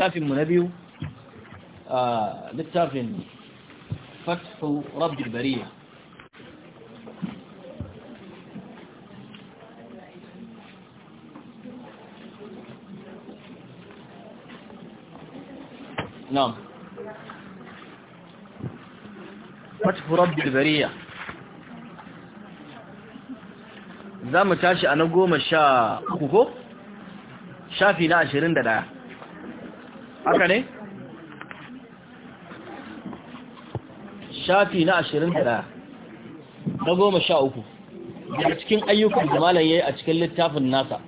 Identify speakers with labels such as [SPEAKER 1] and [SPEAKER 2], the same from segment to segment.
[SPEAKER 1] كافر منبيه آه، لتافن فتح رب البرية نعم فتح رب البرية ذا متاشي أنا قوم الشا خوكو شافي لا عشرين haka ne shafi na ashirin da na goma sha uku daga cikin ayyukan da malam ya yi a cikin littafin nasa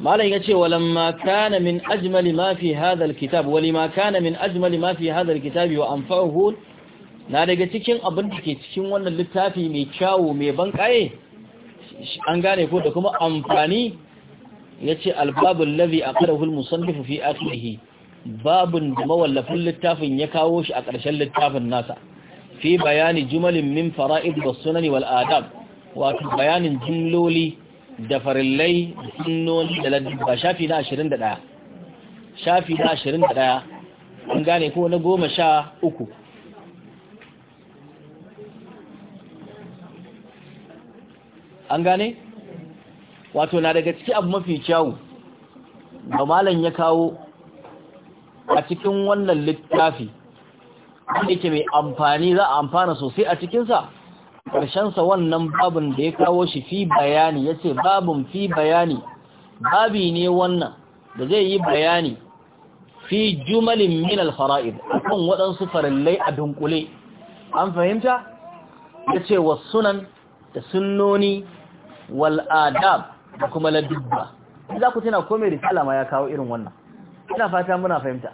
[SPEAKER 1] malam ya ce ma kana min ajmali ma fi hadha kitab ma kana min ajmali ma fi hadha kitab wa anfa'uhu na daga cikin abin da ke cikin wannan littafi mai kyawu mai bankaye an gane ko da kuma amfani Ya ce albabin lafi a al musamman fi akhirih babin da mawallafin littafin ya kawo shi a ƙarshen littafin nasa fi bayani jumalin min fara'id da sunani wal'adab wato bayanin jimloli da farillai da sunnoni da ladabba shafi na 21 shafi na 21 an gane ko na 13 an gane wato na daga ciki abu mafi kyawu da malam ya kawo a cikin wannan littafi wanda yake mai amfani za a amfana sosai a cikinsa ƙarshensa wannan babin da ya kawo shi fi bayani ya ce babin fi bayani babi ne wannan da zai yi bayani fi jumalin min alfara'id akan waɗansu farillai a dunkule an fahimta ya ce wa sunan da sunnoni wal'adab da kuma ladubba za ku tana komai risala ma ya kawo irin wannan ina fata muna fahimta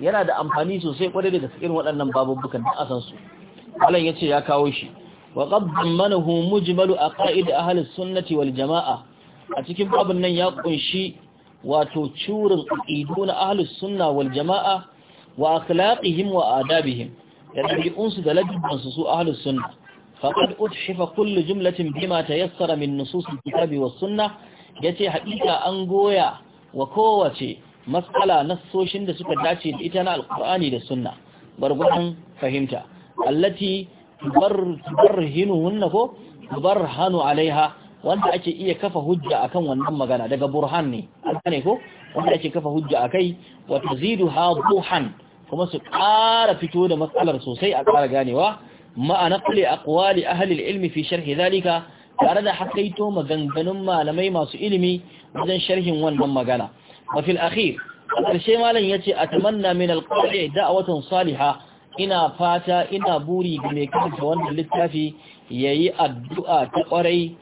[SPEAKER 1] yana da amfani sosai kwarai da gaske irin waɗannan babubbukan da asan su ya ce ya kawo shi wa manahu mujmalu aqaid ahli sunnati wal jamaa a cikin babun nan ya kunshi wato curin aqidu na ahli sunna wal jamaa wa akhlaqihim wa adabihim da dabi'unsu da ladabbansu su ahli sunna faƙad udhifa kullu jumlatin bima tayassara min nusus al-kitabi was-sunnah yace hakika an goya wa kowace matsala nasoshin da suka dace da ita na alqur'ani da sunna bargudan fahimta allati tubarhinuhunna ko tubarhanu alaiha wanda ake iya kafa hujja akan wannan magana daga burhan ne ne ko wanda ake kafa hujja akai wa ha buhan kuma su ƙara fito da matsalar sosai a ƙara ganewa ma'a naqli aqwali a al ilmi fi sharhi zalika tare da hakaito maganganun malamai masu ilimi wajen sharhin wannan magana mafil akhir a ƙarshe malam yace atamanna min al a watan salihah ina fata ina buri ga mai karanta wannan littafi yayi addu'a ta ƙwarai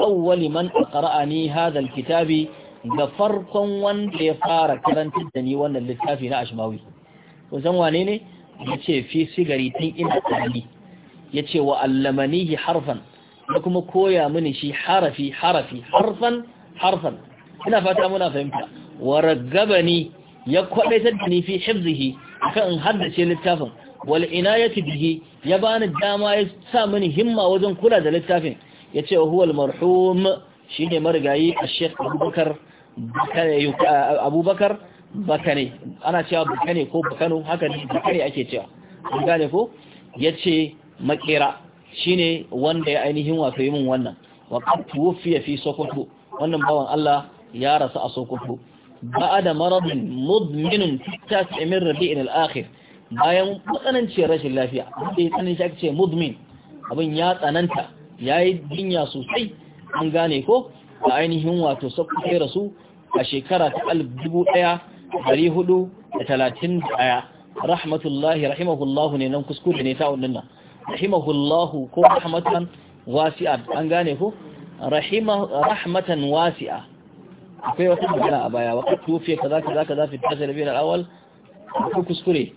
[SPEAKER 1] awwali man qara'ani hadha hadal kitabi ga farkon wanda ya fara karantar da ni wannan littafi na ashmawi ko san wane ne fi sigari tun ina tsali ya ce wa allamanihi harfan da kuma koya mini shi harafi harafi harfan harfan ina fata muna fahimta wa raggabani ya kwadaitar da ni fi hifzihi akan in haddace littafin wal ya bihi ya bani dama ya sa mini himma wajen kula da littafin yace wa huwa al marhum shine marigayi al-sheikh Abubakar Bakare Abubakar Bakare ana cewa ko Bakano haka ne Bakare ake cewa an gane yace maƙera shine wanda ya ainihin wato yi min wannan wa qad fi sokoto wannan bawan Allah ya rasu a sokoto ba'da maradin mudmin fi tas'imir rabi'in al-akhir bayan matsananciyar rashin lafiya wanda ya tsanin shi ake ce mudmin abin ya tsananta ya yi jinya sosai an gane ko a ainihin wato sakwai rasu a shekara ta alif dubu ɗaya dari hudu da talatin ɗaya rahmatullahi rahimahullahu ne nan kuskure ne ta wannan rahimahullahu ko rahmatan wasi'a an gane ko rahmatan wasi'a akwai wata magana a baya wa tufiya kaza kaza kaza fi tasir bin na awwal ko kuskure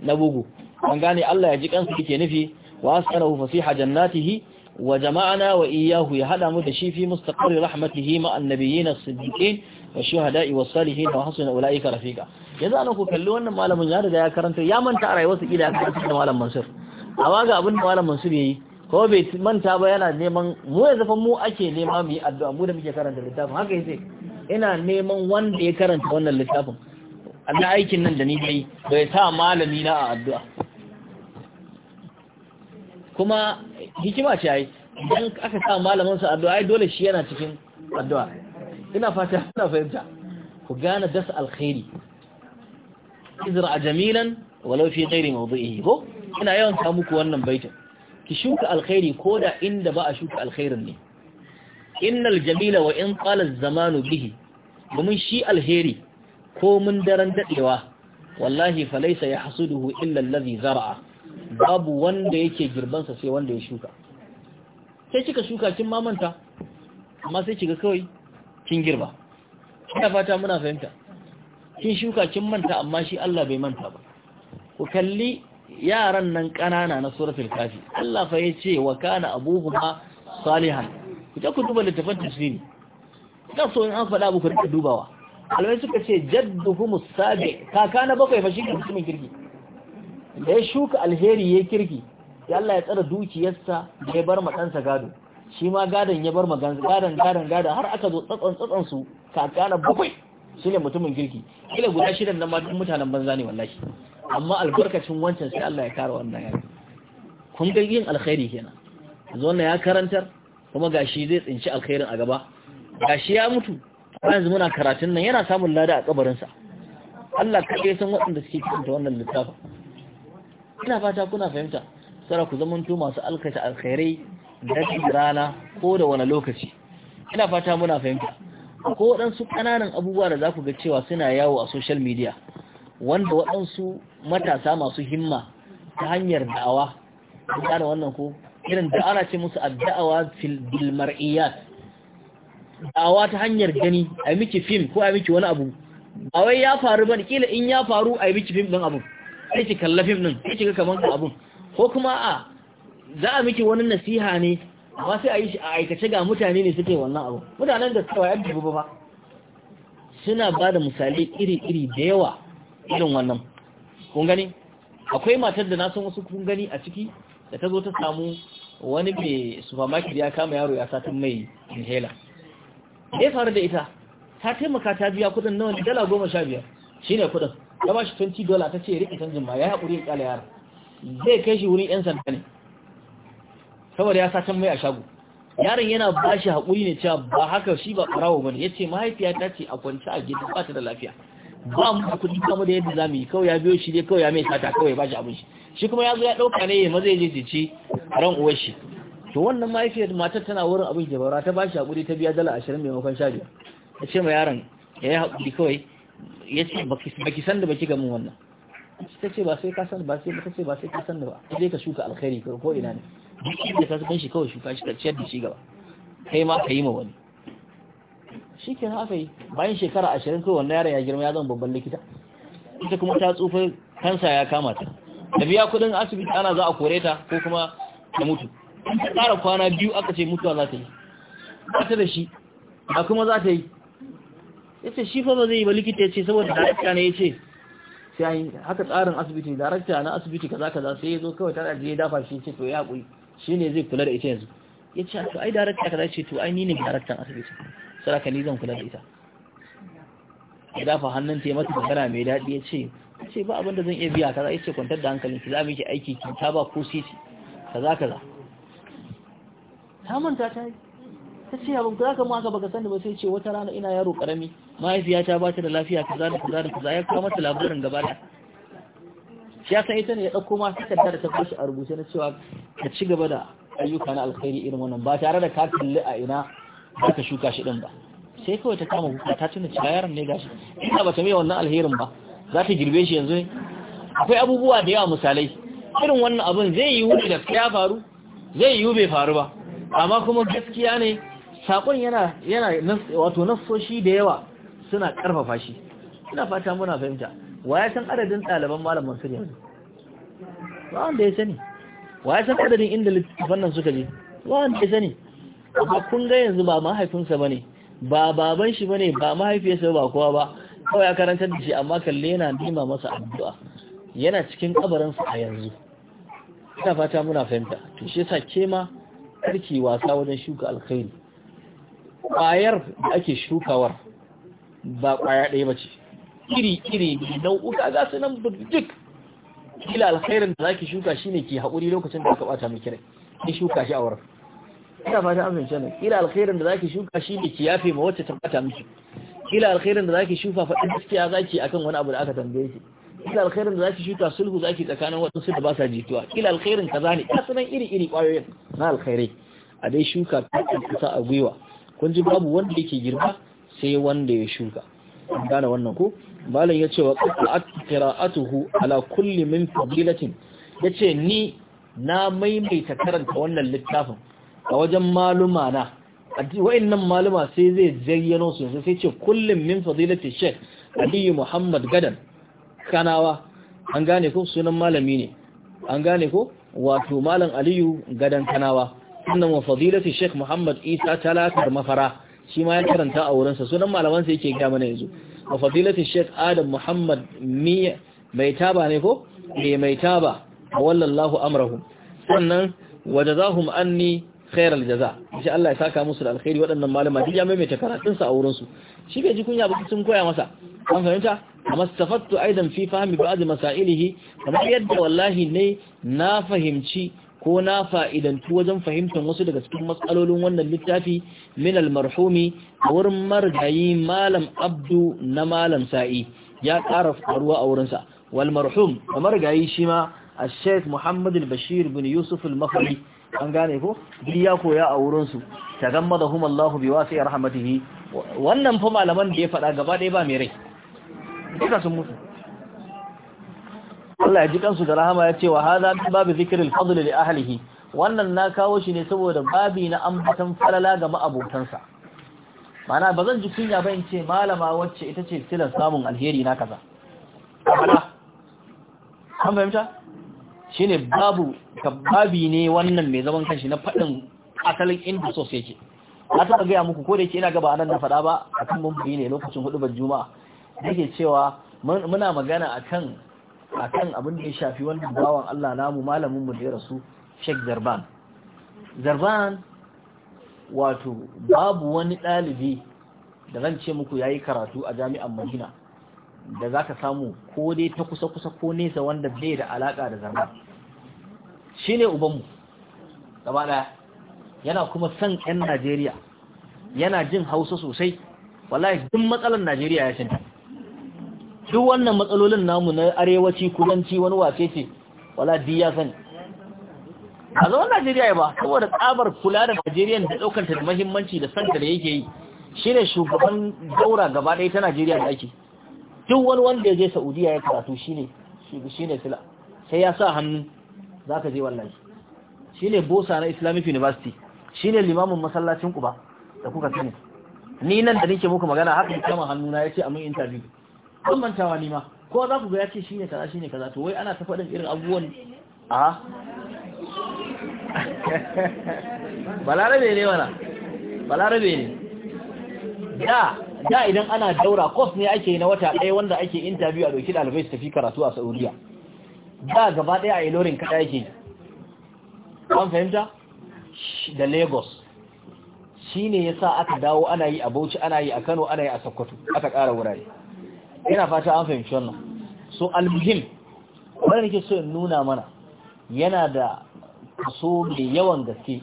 [SPEAKER 1] na bugu an gane Allah ya ji kansa kike nufi wa asanahu fasiha jannatihi wa jama'ana wa iyyahu ya hada mu da shi fi mustaqarri rahmatihi ma annabiyyin as-siddiqin wa shuhada'i was salihin wa hasuna ulaika rafiqa yanzu an ku kalli wannan malamin ya riga ya karanta ya manta a rayuwarsa kila da malam Mansur amma ga abin da malam mansur yi, ko bai manta ba yana neman mu ya zafa mu ake nema mu yi addu'a mu da muke karanta littafin haka yace ina neman wanda ya karanta wannan littafin Allah aikin nan da ni dai bai sa malami na a addu'a kuma hikima ce ai idan aka sa malamin su addu'a ai dole shi yana cikin addu'a ina fata ina fahimta ku gane das alkhairi izra jamilan walau fi ghairi mawdi'ihi ko ina yawan ta muku wannan baitin ki shuka alkhairi ko da inda ba a shuka alkhairin ne innal jamila wa in qala zamanu bihi domin shi alheri ko mun daren dadewa wallahi fa laysa yahsuduhu illa allazi zar'a babu wanda yake girban sa sai wanda ya shuka sai kika shuka kin mamanta amma sai kiga kawai kin girba ina fata muna fahimta kin shuka kin manta amma shi Allah bai manta ba ku kalli yaran nan ƙanana na suratul kafi Allah fa yace wa kana abuhuma salihan ku ta ku duba littafin tafsiri da so in an faɗa abu ku rika dubawa alwai suka ce jadduhum sabi kaka na bakwai fa shi mutumin kirki da ya shuka alheri ya kirki ya Allah ya tsara dukiyarsa da ya bar ma sa gado shi ma gadon ya bar ma gadon gadon gadon har aka zo tsatson tsatson su kaka na bakwai shine mutumin kirki kila guda shidan nan ma duk mutanen banza ne wallahi amma albarkacin wancan sai Allah ya kare wannan yaro kun ga yin alkhairi kenan yanzu wannan ya karantar kuma gashi zai tsinci alkhairin a gaba gashi ya mutu yanzu muna karatun nan yana samun lada a kabarin sa Allah kai san waɗanda suke cikin wannan littafin ina fata kuna fahimta sara ku to masu alkata alkhairai da rana ko da wani lokaci ina fata muna fahimta ko waɗansu ƙananan abubuwa da za ku ga cewa suna yawo a social media wanda waɗansu matasa masu himma ta hanyar da'awa gane wannan ko irin ana ce musu addu'awa fil mar'iyat da'awa ta hanyar gani ai miki film ko ai miki wani abu ba wai ya faru bane kila in ya faru ai miki film din abu sai ki kalla film din sai ki ga kaman abu. ko kuma a za a miki wani nasiha ne amma sai a yi shi a aikace ga mutane ne suke wannan abu mutanen da suka wayar da ba suna ba da misali iri-iri da yawa irin wannan kun gani akwai matar da na san wasu kun gani a ciki da ta zo ta samu wani mai supermarket ya kama yaro ya satin mai inhaler da ya faru da ita ta taimaka ta biya kudin nawa ne dala goma sha biyar shi ne kudin ya ba shi 20 dola ta ce rikitan canjin ma ya haƙuri ya ƙyala yara zai kai shi wurin 'yan sanda ne saboda ya satin mai a shago yaron yana ba shi haƙuri ne cewa ba haka shi ba ɓarawo ba ne ya ce mahaifiya ta ce a kwanci a gida ba ta da lafiya ba mu da kuɗi ba mu da yadda za mu yi kawai ya biyo shi dai kawai ya mai sata kawai ba shi abin shi shi kuma ya zo ya ɗauka ne maza ya je ci ran uwar shi to wannan mahaifiyar matar tana wurin abin da bara ta ba shi hakuri ta biya dala ashirin maimakon sha biyar ta ce ma yaron ya yi hakuri kawai ya ce ba ki san da ba ga gamin wannan ta ce ba sai ka san ba sai ta ce ba sai ka san da ba sai ka shuka alkhairi ko ina ne duk inda ka san shi kawai shuka shi ka ciyar da shi gaba kai ma ka yi ma wani shi ke haka yi bayan shekara ashirin kawai wannan yaron ya girma ya zama babban likita ita kuma ta tsufa kansa ya kama ta da biya kudin asibiti ana za a kore ta ko kuma ta mutu ta tsara kwana biyu aka ce mutuwa za ta yi ba ta da shi ba kuma za ta yi ya ce shi fa ba zai yi ba likita ya ce saboda darakta ne ya ce sai haka tsarin asibiti darakta na asibiti kaza kaza sai ya zo kawai tana je ya dafa shi ce to ya haƙuri shi ne zai kula da ita yanzu ya ce to ai darakta kaza ce to ai ni ne daraktan asibiti saraka ni zan kula da ita ya dafa hannun ta mata magana mai daɗi ya ce ce ba abin da zan iya biya kaza ya ce kwantar da hankalin ki za mu yi aiki ki ta ba ko siti kaza kaza ta manta ta yi ta ce abin ku zaka maka baka sani ba sai ce wata rana ina yaro karami mahaifiyata ba ta da lafiya kaza da kaza da kaza ya kawo mata labarin gaba da shi ya san ita ne ya ɗauko ma ta da ta bashi a rubuce na cewa ka ci gaba da ayyuka na alkhairi irin wannan ba tare da ka kalli a ina ba ka shuka shi din ba sai kawai ta kama kuka ta tuna cewa yaron ne gashi ina ba ta mai wannan alherin ba za ta girbe shi yanzu ne akwai abubuwa da yawa misalai irin wannan abin zai yi wuri da ya faru zai yi bai faru ba amma kuma gaskiya ne sakon yana yana wato nassoshi da yawa suna karfafa shi ina fata muna fahimta waya san adadin ɗaliban malam Mansur yanzu ba wanda ya sani waya san adadin inda littattafan nan suka je ba wanda ya sani amma kun ga yanzu ba mahaifinsa bane ba baban shi bane ba mahaifiyarsa ba kowa ba kawai ya karantar da shi amma kalle yana nima masa addu'a yana cikin kabarinsa a yanzu ina fata muna fahimta to shi yasa ke ma karki wasa wajen shuka alkhairi Kwayar da ake shukawar ba kwaya ɗaya ba ce iri-iri nau'uka za su nan duk kila alkhairin da zaki shuka shine ke haƙuri lokacin da aka ɓata miki rai ki shuka shi a wurin ina fata an fahimci nan kila alkhairin da zaki shuka shi ne ki yafe ma wacce ta bata miki kila alkhairin da zaki shuka faɗin gaskiya zaki akan wani abu da aka tambaye ki kila alkhairin da zaki shuka sulhu zaki tsakanin waɗansu da ba sa jituwa kila alkhairin kaza ne ya sanan iri iri ƙwayoyin na alkhairai a dai shuka ta kusa a gwiwa kun ji babu wanda yake girma sai wanda ya shuka gane wannan ko malam ya ce wa qira'atuhu ala kulli min fadilatin yace ni na maimaita karanta wannan littafin a wajen maluma na wa'annan maluma sai zai zayyano su sai ce kullum min fadilati Shek aliyu muhammad gadan kanawa an gane ko sunan malami ne an gane ko wato malam aliyu gadan kanawa sunan wa fadilati shek muhammad isa talatar mafara shi ma ya karanta a wurinsa sunan malaman sai yake gama mana yanzu wa fadilati shek adam muhammad miya mai taba ne ko mai eh, mai taba wallallahu amrahu sannan wajazahum anni khairal jaza shi Allah ya saka musu da alkhairi waɗannan malama duk ya maimaita karatun sa a wurin su shi bai ji kunya ba sun koya masa an fahimta amma stafattu aidan fi fahmi ba'd masailihi kamar yadda wallahi ne na fahimci ko na fa'idantu wajen fahimtar wasu daga cikin matsalolin wannan littafi min almarhumi a wurin marigayi malam abdu na malam sa'i ya ƙara faruwa a wurinsa wal marhum kamar marigayi shi ma a sheikh muhammadu bashir bin yusuf al an gane ko duk ya koya a wurin su tagammadahum Allahu bi wasi rahmatihi wannan fa malaman da ya faɗa gaba ɗaya ba mai rai duka sun mutu Allah ya ji kansu da rahama ya ce wa hadha babu zikril fadl li ahlihi wannan na kawo shi ne saboda babi na ambatan falala ga ma'abotansa mana ba zan ji kunya ba in ce malama wacce ita ce silar samun alheri na kaza an fahimta Shi ne babu babi ne wannan mai zaman kanshi na faɗin asalin inda sos yake a taɓa gaya muku ko da yake ina gaba anan na faɗa ba akan mumburi ne lokacin hudu ban juma'a ke cewa muna magana a kan abin da ya shafi wani bawan Allah namu malamin mu da ya rasu shek Zarban Zarban wato babu wani ɗalibi da zan ce muku yi karatu a jami'an Madina da za ka samu ko dai ta kusa-kusa ko nesa wanda zai da alaƙa da zama shi ne ubanmu gaba ɗaya yana kuma son 'yan najeriya yana jin hausa sosai wallahi duk matsalar najeriya ya shanta duk wannan matsalolin namu na arewaci kudanci wani wace ce wallahi duk ya sani a zaman najeriya ya ba saboda tsabar kula da najeriya da ɗaukar ta da mahimmanci da son da yake yi shi ne shugaban daura gaba ɗaya ta najeriya da ake duk wani wanda ya je saudiya ya karatu shine shine sila sai ya sa hannu zaka je wallahi shine bosa na islamic university shine limamin masallacin kuba da kuka sani ni nan da nake muku magana haka kama hannuna yace a mun interview kun mantawa ni ma ko za ku ga yace shine kaza shine kaza to wai ana ta faɗin irin abubuwan a balarabe ne wana balarabe ne da da idan ana daura course ne ake na wata ɗaya wanda ake interview a doki ɗalibai su tafi karatu a Saudiya da gaba ɗaya a yi Ilorin kada yake an fahimta da Lagos ya sa aka dawo ana yi a Bauchi ana yi a Kano ana yi a Sokoto aka ƙara wurare Yana fata an fahimci wannan so almuhim wanda nake so in nuna mana yana da kaso mai yawan gaske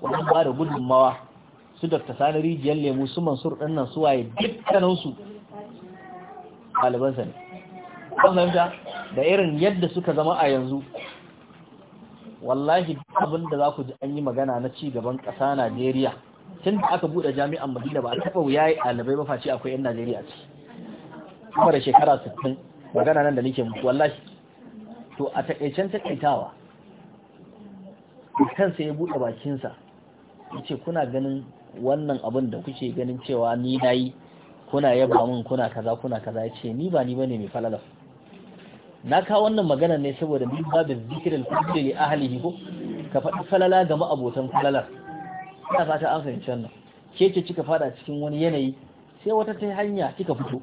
[SPEAKER 1] wajen ba da gudunmawa su dr sani rijiyar lemu su mansur ɗannan suwaye dukkaninsu ɗalibansa ne Ɗan fahimta da irin yadda suka zama a yanzu wallahi abin da za ku ji an yi magana na ci gaban ƙasa najeriya tun da aka buɗe jami'an madina ba a taɓa wuya yi ɗalibai ba face akwai 'yan najeriya ce kuma da shekara 60 magana nan da nake mutu wallahi to a taƙaicen taƙaitawa kansa ya buɗe bakinsa ya ce kuna ganin wannan abin da kuke ganin cewa ni nayi kuna yaba min kuna kaza kuna kaza ya ce ni ba ni bane mai falala na kawo wannan magana ne saboda min babu zikirin kulli li ahlihi ko ka faɗi falala ga ma'abotan falalar ina fata an fahimci wannan ke ce kika fada cikin wani yanayi sai wata ta hanya kika fito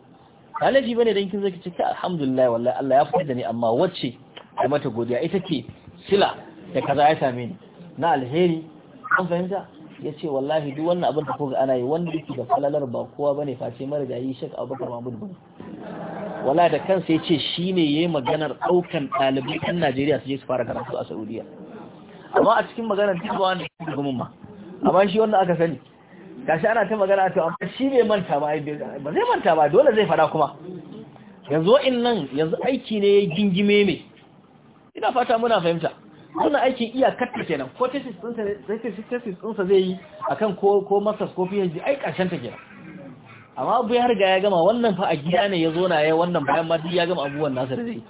[SPEAKER 1] ba laifi bane dan kin zaki cika alhamdulillah wallahi Allah ya fada ni amma wacce da mata godiya ita ke sila da kaza ya same ni na alheri an fahimta ya ce wallahi duk wannan abin da ko ga ana yi wanda yake da falalar ba kowa bane face marigayi shek abubakar mahmud bane wala da kansa ya ce shi ne ya yi maganar ɗaukan ɗalibai ɗan najeriya su je su fara karatu a saudiya amma a cikin maganar duk ba wanda da gumin ma amma shi wanda aka sani gashi ana ta magana to amma shi bai manta ba ba zai manta ba dole zai fada kuma yanzu wa'in nan yanzu aiki ne ya gingime me ina fata muna fahimta wannan aikin iyakarta kenan ko tesis ɗinsa zai yi a kan ko masas ko phd ai ƙarshen ta kenan amma abu ya harga ya gama wannan fa a gida ne ya zo na ya wannan bayan ma duk ya gama abubuwan nasa da zai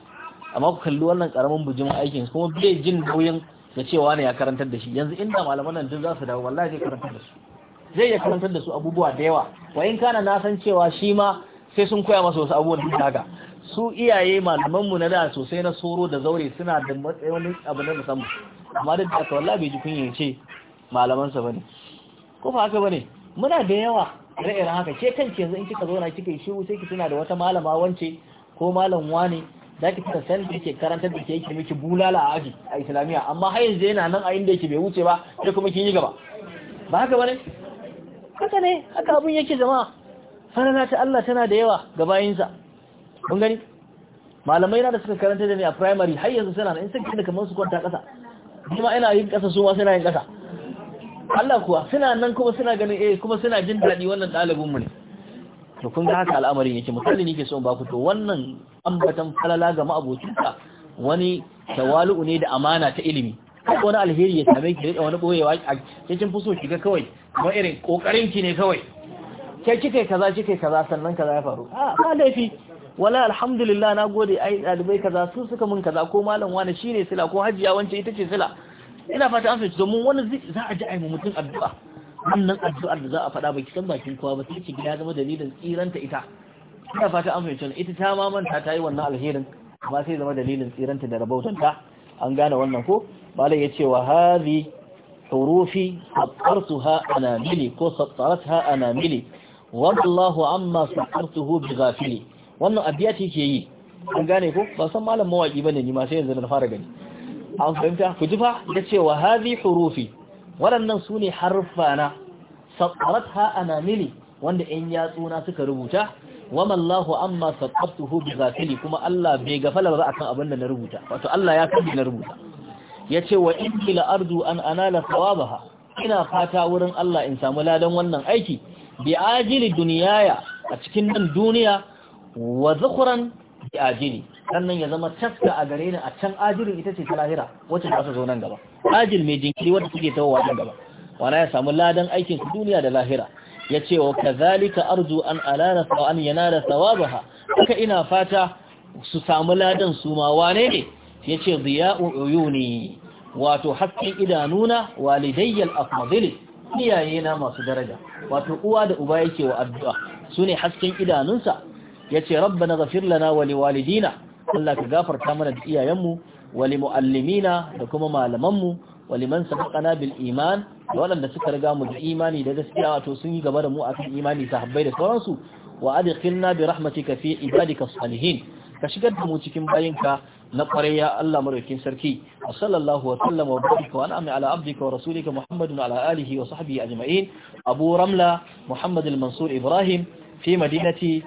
[SPEAKER 1] amma ku kalli wannan karamin bujimin aikin kuma bai jin nauyin da cewa ne ya karantar da shi yanzu inda malaman nan duk za su dawo wallahi zai karantar da su zai ya karantar da su abubuwa da yawa wa in kana na san cewa shi ma sai sun koya masa wasu abubuwan duk haka su iyaye malamanmu na da sosai na soro da zaure suna da matsayin wani abu na musamman amma duk da bai ji kunya ce malamansa bane ko fa haka bane muna da yawa ra'ayin haka ke ke yanzu in kika zauna kika yi shiru sai ki tuna da wata malama wance ko malam wani za ki fita san da ke karantar da ke yake miki bulala a aji a islamiyya amma har yanzu yana nan a inda yake bai wuce ba sai kuma kin yi gaba ba haka bane haka ne haka abun yake jama'a farana ta Allah tana da yawa ga bayinsa kun gani malamai na da suka karanta da ni a primary har yanzu suna na in da kamar su kwanta kasa kuma ina yin kasa su ma suna yin kasa Allah kuwa suna nan kuma suna ganin eh kuma suna jin daɗi wannan ɗalibin mu ne to kun ga haka al'amarin yake misali nake so in ba ku to wannan ambatan falala ga ma'abocinka wani tawalu ne da amana ta ilimi wani alheri ya same ki da wani boyewa a cikin fuso shiga kawai kuma irin kokarin ki ne kawai kai kike kaza kike kaza sannan kaza ya faru a ah, ba laifi wala alhamdulillah na gode ai dalibai kaza su suka mun kaza ko malam wani shine sila ko hajiya wance ita ce sila ina fata an fahimci domin wani za a ji ai mutum addu'a wannan addu'ar da za a faɗa baki san bakin kowa ba sai take gida zama dalilin tsiranta ita ina fata an fahimci ita ta ma manta ta yi wannan alherin amma sai zama dalilin tsiranta da rabautanta an gane wannan ko malai ce wa hadhi hurufi sattartuha anamili ko sattaratuha anamili wallahu amma sattartuhu bighafili wannan addiya ce ke yi an gane ko ba san malam mawaki bane ni ma sai yanzu na fara gani an fahimta ku ji fa da cewa hadhi hurufi waɗannan su ne harfana saqaratha anamili wanda ya tsuna suka rubuta wama Allahu amma saqaftuhu bi zafili kuma Allah bai gafala ba akan abin da na rubuta wato Allah ya kabi na rubuta yace wa inni la arju an anala thawabaha ina fata wurin Allah in samu ladan wannan aiki bi ajili duniyaya a cikin nan duniya wa zukhran bi ajili sannan ya zama taska a gare ni a can ajirin ita ce ta lahira wacce za su zo nan gaba ajil mai jinkiri wanda take tawowa nan gaba wala ya samu ladan aikin su duniya da lahira yace wa kazalika arju an alana wa an yanala thawabaha haka ina fata su samu ladan su ma wane ne yace diya'u uyuni wato hasken idanuna walidayyal afdil iyaye na masu daraja wato uwa da uba yake wa addu'a sune hasken idanunsa ya yace rabbana ghafir lana wali walidina Allah ka gafarta mana da iyayenmu wali muallimina da kuma malamanmu wa liman sabaqana bil iman da waɗanda suka riga mu da imani da gaskiya wato sun yi gaba da mu akan imani sahabbai da sauransu wa adkhilna bi rahmatika fi ibadika salihin ka shigar da mu cikin bayinka na kwarai Allah madaukakin sarki wa sallallahu wa sallama wa baraka wa an'ama ala abdika wa rasulika muhammadin ala alihi wa sahbihi ajma'in abu ramla muhammad al-mansur ibrahim fi madinati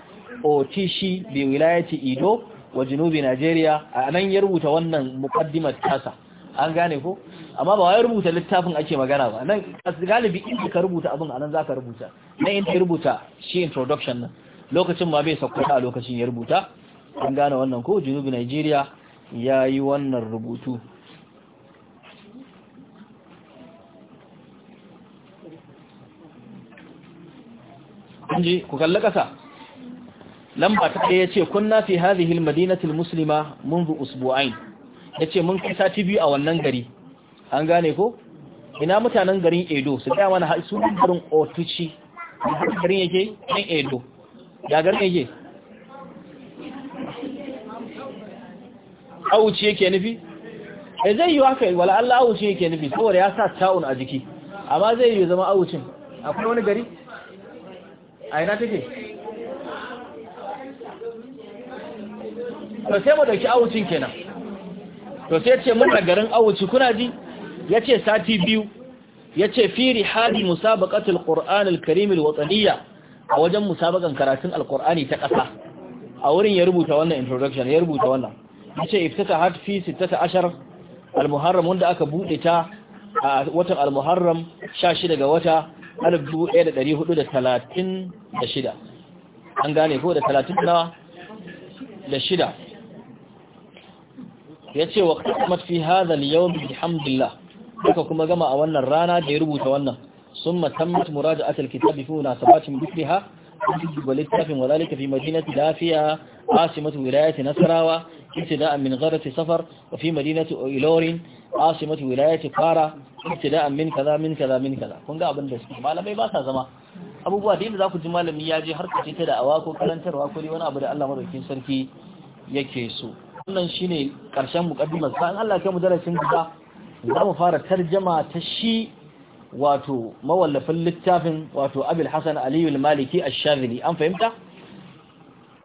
[SPEAKER 1] otishi bi wilayati ido wa junubi najeriya a ya rubuta wannan muqaddimar tasa an gane ko amma ba wai rubuta littafin ake magana ba nan galibi in ka rubuta abin anan zaka rubuta na in ka rubuta shi introduction nan lokacin ma bai sauko a lokacin ya rubuta an gane wannan ko junubi Najeriya ya yi wannan rubutu ji ku kalli ƙasa lamba ta ɗaya yace kunna fi hadhihi almadinati almuslima منذ usbu'ain yace mun kai sati biyu a wannan gari an gane ko ina mutanen garin Edo su ga mana su garin Otuchi garin yake ɗan Edo ya garin yake Auchi yake nufi eh zai yi haka wala Allah Auchi yake nufi saboda ya sa ta'un a jiki amma zai yi zama Auchin akwai wani gari
[SPEAKER 2] a ina take
[SPEAKER 1] to sai mu dauki awucin kenan to sai ce muna garin awuci kuna ji yace sati biyu yace fi rihadi musabaqatul qur'an alkarim alwataniya a wajen musabakan karatun alqur'ani ta kasa a wurin ya rubuta wannan introduction ya rubuta wannan yace iftata hat fi 16 almuharram wanda aka bude ta a watan almuharram 16 ga wata 1436 an gane ko da 36 da shida ya ce wa ƙasamat fi hadha al-yawm duka kuma gama a wannan rana da ya rubuta wannan summa tammat muraja'at al-kitab fi munasabatin bikriha وللتافن وذلك في مدينة دافئة عاصمة ولاية نصراوة ابتداء من غرة صفر وفي مدينة إيلور عاصمة ولاية قارة ابتداء من كذا من كذا من كذا kun ga abin da suke malamai ba sa zama abubuwa da yadda za ku ji malami ya je harkace ta da awa ko karantarwa ko wani abu da Allah madaukakin sarki yake so wannan shine karshen muqaddimar sa Allah kai mu darasin gaba za mu fara tarjama ta shi wato mawallafin littafin wato Abul Hasan Ali al-Maliki ash-Shadhili an fahimta